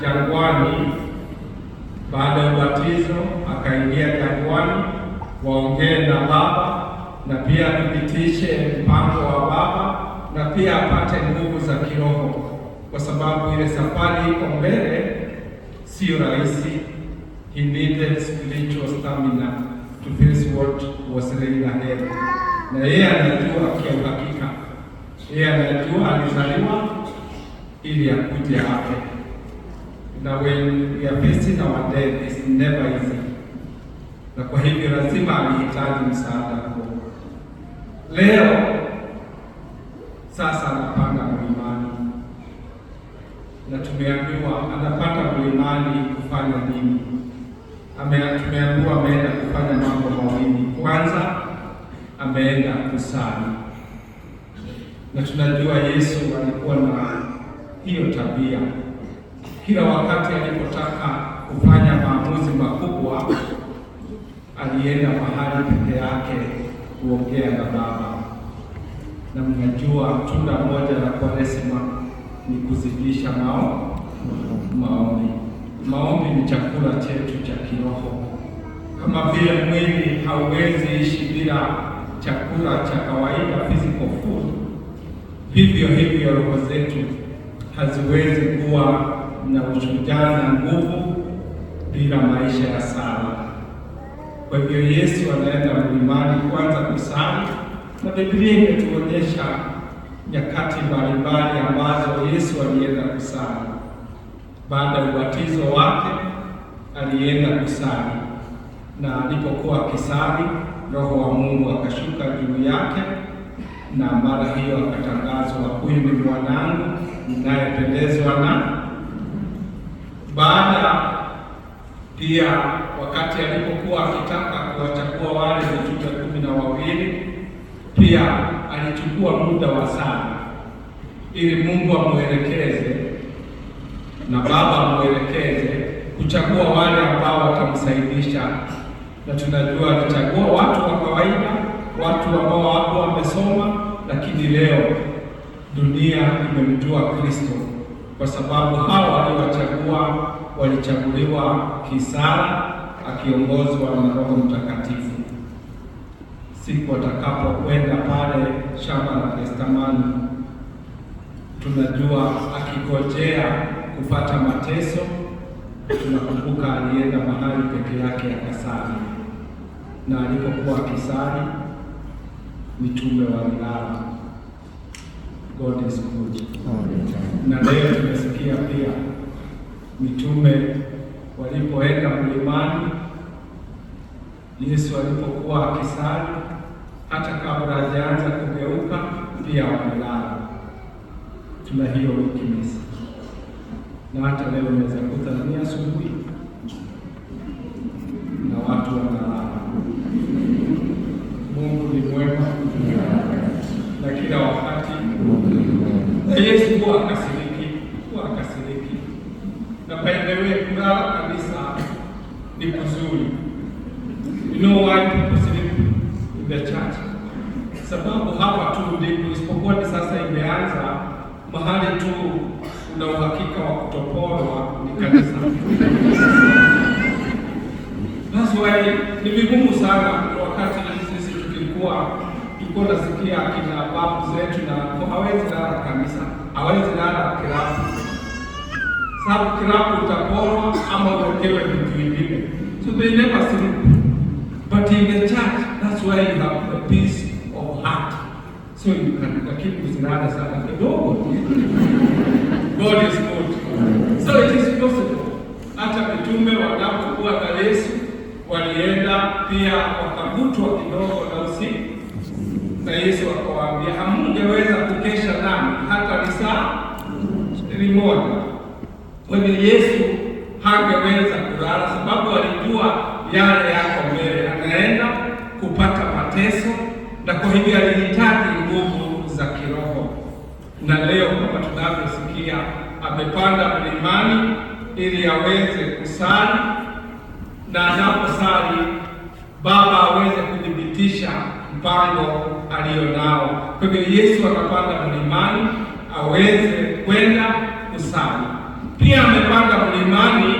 jangwani baada ya ubatizo akaingia jangwani, waongee na Baba na pia athibitishe mpango wa Baba na pia apate nguvu za kiroho, kwa sababu ile safari iko mbele sio rahisi. He needed spiritual stamina to face what was laying ahead, na yeye anajua kiuhakika, yeye anajua alizaliwa ili akuje hapa na when we are facing our death it's never easy, na kwa hivyo lazima alihitaji msaada kwa. Leo sasa anapanda mlimani na tumeambiwa anapanda mlimani kufanya nini? Tumeambiwa ameenda kufanya mambo mawili. Kwanza ameenda kusali, na tunajua Yesu alikuwa na hiyo tabia kila wakati alipotaka kufanya maamuzi makubwa, alienda mahali peke yake kuongea na Baba. Na mnajua tunda moja la Kwaresima ni kuzidisha mao maombi. Maombi ni chakula chetu cha kiroho. Kama vile mwili hauwezi ishi bila chakula cha kawaida, physical food, vivyo hivyo roho zetu haziwezi kuwa na na nguvu bila maisha ya sala. Kwa hivyo Yesu anaenda mlimani kwanza kusali, na Biblia imetuonyesha nyakati mbalimbali ambazo Yesu alienda kusali. Baada ya ubatizo wake alienda kusali, na alipokuwa akisali, Roho wa Mungu akashuka juu yake, na mara hiyo akatangazwa, huyu ni mwanangu ninayependezwa na baada pia wakati alipokuwa akitaka kuwachagua wale mitume kumi na wawili, pia alichukua muda wa sana ili Mungu amwelekeze na Baba amwelekeze kuchagua wale ambao watamsaidisha, na tunajua alichagua watu wa kawaida, watu ambao wapo wamesoma, lakini leo dunia imemjua Kristo kwa sababu hao waliowachagua walichaguliwa kisara, akiongozwa na Roho Mtakatifu. Siku atakapokwenda pale shamba la Gethsemane, tunajua akikojea kupata mateso. Tunakumbuka alienda mahali peke yake akasali, na alipokuwa akisali mitume walilala. God is good. Na leo tumesikia pia mitume walipoenda mlimani, Yesu alipokuwa akisali, hata kabla hajaanza kugeuka, pia wamelala. Tuna hiyo wiki na hata leo unaweza kuta ni asubuhi na watu wanalala. kila wakati. Yesu huwa akasiriki, huwa akasiriki. Na pendewe kulala kabisa ni kuzuri. You know why people sleep in the church? Sababu hapa tu ndipo isipokuwa ni sasa imeanza mahali tu una uhakika wa kutoporwa ni kanisa. That's why ni vigumu sana wakati sisi tukikuwa Ulikuwa unasikia kina babu zetu na hawezi lala kabisa, hawezi lala kirabu, sababu kirabu utaporwa ama uwekewe vitu vingine. So they never sleep. But in the church, that's why you have the peace of heart. So you can, lakini usilala sana kidogo. God is good. So it is possible. Hata mitume wanapokuwa na Yesu walienda pia wakavutwa kidogo na usiku na Yesu akawaambia, hamungeweza kukesha nami hata lisaa limoja. Kwa hivyo Yesu hangeweza kulala, sababu alijua yale yako mbele, anaenda kupata mateso, na kwa hivyo alihitaji nguvu za kiroho. Na leo kama tunavyosikia, amepanda mlimani ili aweze kusali, na anaposali Baba aweze kudhibitisha mpango aliyo nao. Kwa hivyo Yesu akapanda mlimani aweze kwenda kusali. Pia amepanda mlimani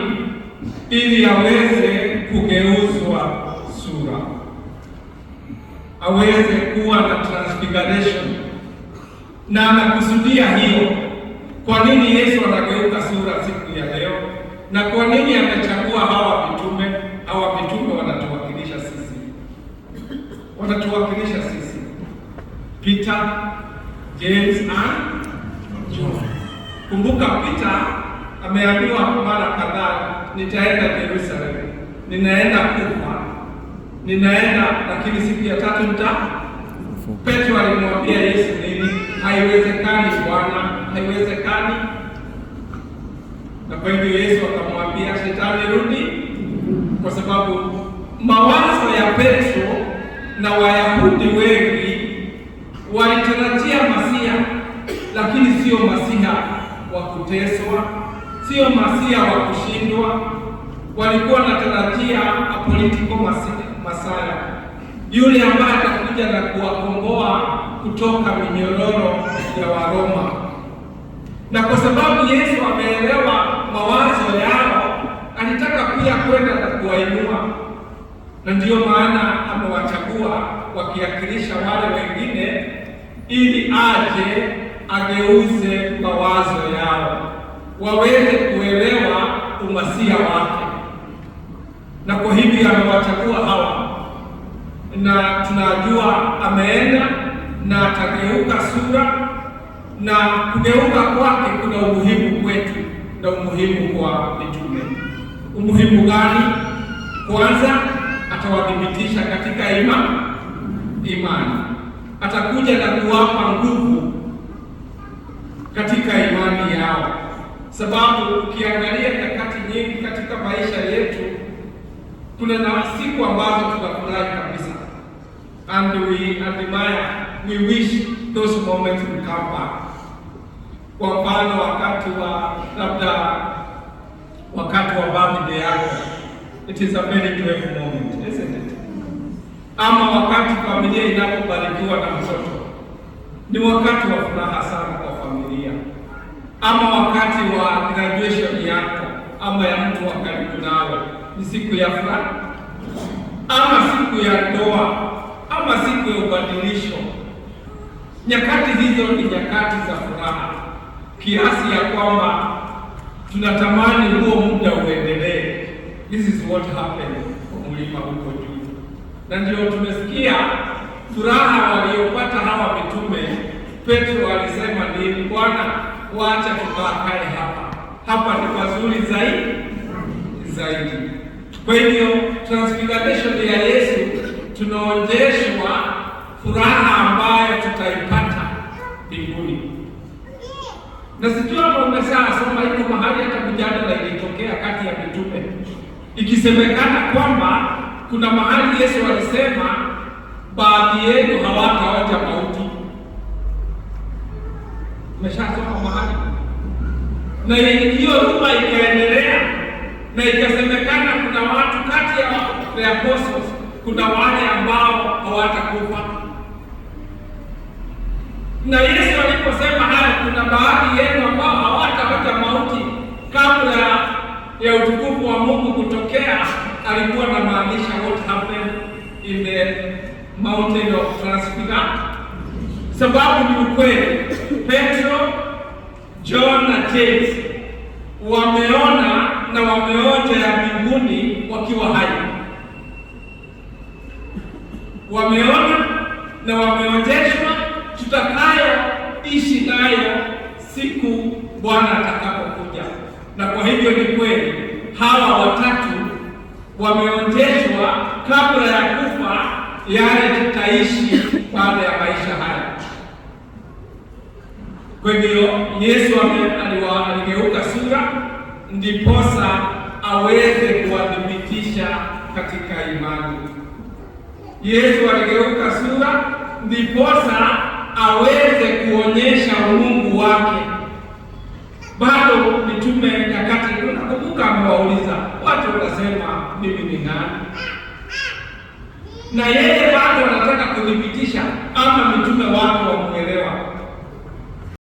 ili aweze kugeuzwa sura, aweze kuwa na transfiguration, na anakusudia hiyo. Kwa nini Yesu anageuka sura siku ya leo, na kwa nini anacha James na John. Kumbuka Peter ameambiwa mara kadhaa, nitaenda jerusalemu ninaenda kufa, ninaenda lakini siku ya tatu nita. Petro alimwambia Yesu nini? Haiwezekani Bwana, haiwezekani. Na kwa hivyo Yesu akamwambia shetani, rudi, kwa sababu mawazo ya Petro na Wayahudi wengi walitana siyo masiha wa kuteswa, siyo masiha wa kushindwa. Walikuwa wanatarajia a political masaya, yule ambaye atakuja na kuwakomboa kutoka minyororo ya Waroma. Na kwa sababu Yesu ameelewa mawazo yao, alitaka pia kwenda na kuwainua, na ndiyo maana amewachagua wakiwakilisha wale wengine, ili aje ageuze mawazo yao waweze kuelewa umasia wake, na kwa hivyo amewachagua hawa, na tunajua ameenda na atageuka sura, na kugeuka kwake kuna umuhimu kwetu na umuhimu kwa mitume. Umuhimu gani? Kwanza atawathibitisha katika ima imani, atakuja na kuwapa nguvu katika imani yao, sababu ukiangalia nyakati nyingi katika maisha yetu kuna na siku ambazo tunafurahi kabisa, and we admire, we wish those moments will come back. Kwa mfano wakati wa labda wakati wa birthday yako, it is a very joyful moment, isn't it? Ama wakati familia inapobarikiwa na mtoto, ni wakati wa furaha sana ama wakati wa graduation yako ama ya mtu wa karibu nawe, ni siku ya furaha ama siku ya ndoa ama siku ya ubadilisho. Nyakati hizo ni nyakati za furaha kiasi ya kwamba tunatamani huo muda uendelee. This is what happened kwa mlima huko juu, na ndio tumesikia furaha waliopata hawa mitume. Petro alisema nini? Bwana wacha tukakae hapa, hapa ni pazuri zaidi zaidi. Kwa hivyo transfiguration ya Yesu tunaonyeshwa furaha ambayo tutaipata mbinguni, na sijua umesaa soma iko mahali hata mjadala ilitokea kati ya mitume ikisemekana kwamba kuna mahali Yesu alisema baadhi yenu hawataoja Tumeshasoma mahali na hiyo huduma ikaendelea na ikasemekana kuna watu kati ya apostles kuna wale ambao hawatakufa, na Yesu aliposema haya, kuna baadhi yenu ambao hawataota mauti kabla ya utukufu wa Mungu kutokea. Alikuwa na maanisha what happened in the mountain of Transfiguration, sababu ni ukweli Petro, John na James wameona na wameonja ya mbinguni wakiwa hai, wameona na wameonjeshwa tutakayo ishi nayo siku Bwana atakapokuja. Na kwa hivyo ni kweli hawa watatu wameonjeshwa kabla ya kufa, yale tutaishi baada ya maisha haya. Kwa hivyo Yesu aligeuka sura, ndiposa aweze kuwathibitisha katika imani. Yesu aligeuka sura, ndiposa aweze kuonyesha uungu wake. Bado mitume nyakati, nakumbuka amewauliza watu, wakasema mimi ni nani? Na yeye bado anataka kuthibitisha ama mitume wake wamuelewa